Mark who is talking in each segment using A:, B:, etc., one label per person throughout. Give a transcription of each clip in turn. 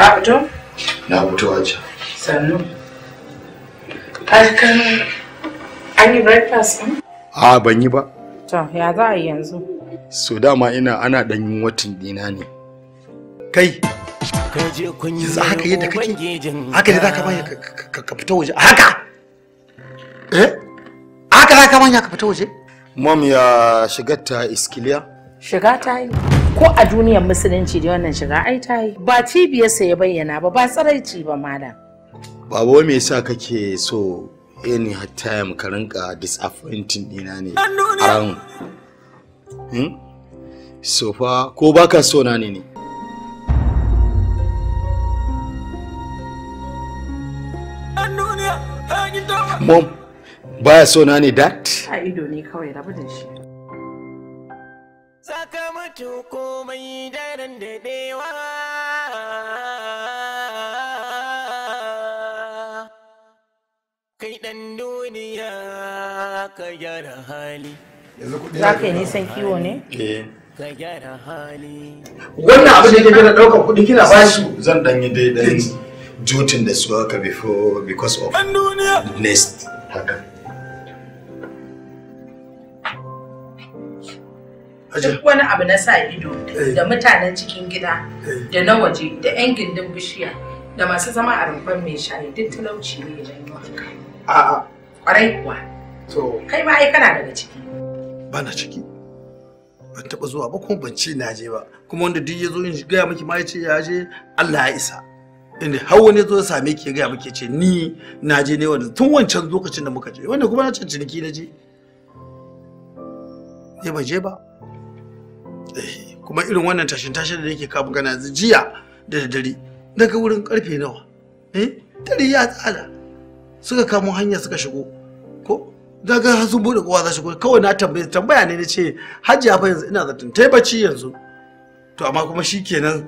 A: Ka fito? Na mutu aji. Sannu. Farkan an yi breakfast ɗin?
B: A ban yi ba.
A: To, ya za a yi yanzu?
B: So dama ina ana ɗan watan dina ne.
A: Kai! Yanzu haka yadda kake haka ne za ka bani ka fita waje haka!
B: Eh? Haka za ka bani ka fita waje? Mom ya shiga ta iskiliya?
A: Shiga ta yi. ko a duniyar musulunci da wannan shiga ai ta yi ba sa ya bayyana ba ba tsaraici ba malam
B: babo me yasa kake so eh, any time ka rinka disappointing dina ne around hmm? so fa ko baka so na ne ne mom baya so na ne dat
A: a ido ne kawai rabu da shi saka mutu komai daren daɗewa kai ɗan duniya
B: ka gyara hali za ka yi nisan kiwo ne? Eh. ka gyara hali wannan abu da ke gina ɗaukar kuɗi kina bashi zan yi daidai jutin da suwa ka before because of nest haka
A: duk wani abu na sa ido eh. da mutanen cikin gida eh. da na waje da 'yan gindin bishiya da masu zama a rumfar mai shayi duk talauci ne ya janyo haka.
B: A'a. Kwarai kuwa. To.
A: Kai ma ai kana daga ciki.
B: Bana ciki. Ban taɓa zuwa ba kuma ban ce na je ba. Kuma wanda duk ya zo in gaya miki ma ya ce ya je Allah ya isa. Inda har wani zo ya same ki ya gaya miki ce ni na je ne wanda tun wancan lokacin da muka je wanda kuma na cancanci na je. Ya ba je ba. Eh, kuma irin wannan tashin tashin da yake kawo magana jiya da dare daga wurin karfe nawa eh dare ya tsada suka kamo hanya suka shigo ko daga har bude kowa za shigo kawai na tambaya tambaya ne ce hajji fa yanzu ina zaton tai bacci yanzu to amma kuma shikenan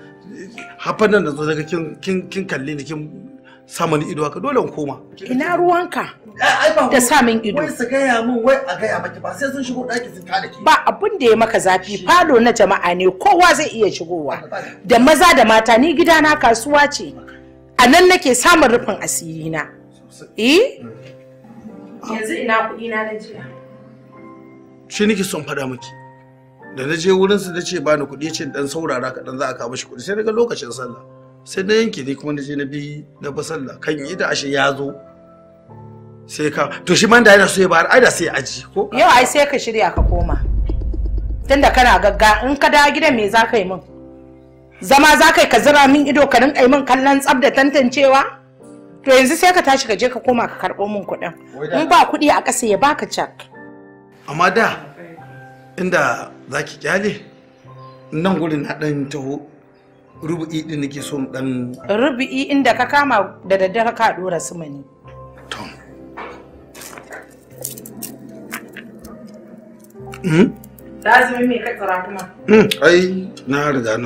B: hafan nan da zo daga kin kin kalle ni kin sa mani ido haka dole in koma.
A: Ina ruwanka da sa min ido. Wai su gaya min wai a gaya maki ba sai sun shigo ɗaki sun tada ki. Ba abin da ya maka zafi falo na jama'a ne kowa zai iya shigowa. Da maza da mata ni gidana kasuwa ce. A nan nake samun rufin asiri na. Eh? Yanzu ina kuɗi na na jiya.
B: Shi nake son faɗa miki. Da na je su na ce bani kuɗi ce dan saurara kaɗan za a kawo shi kuɗi sai daga lokacin sallah. sai na yanke dai kuma na je na bi na bi sallah kan yi da ashe ya zo sai ka to shi man da yana so ya bayar ai da sai ya aji ko
A: yau ai sai ka shirya ka koma tunda kana gagga in ka dawo gidan me za ka yi min
B: zama za ka yi ka zira
A: min ido ka rinka yi min kallon tsab da tantancewa to yanzu sai ka tashi ka je ka koma ka karɓo min kuɗin in ba kuɗi a ƙasa ya baka cak
B: amma da inda za ki kyale nan gurin na ɗan taho rubu'i din nake so mu dan
A: rubu'i inda ka kama da daddare ka dora su mani tom mm? Lazimin me ka tsara kuma?
B: Hmm, Ai, na riga na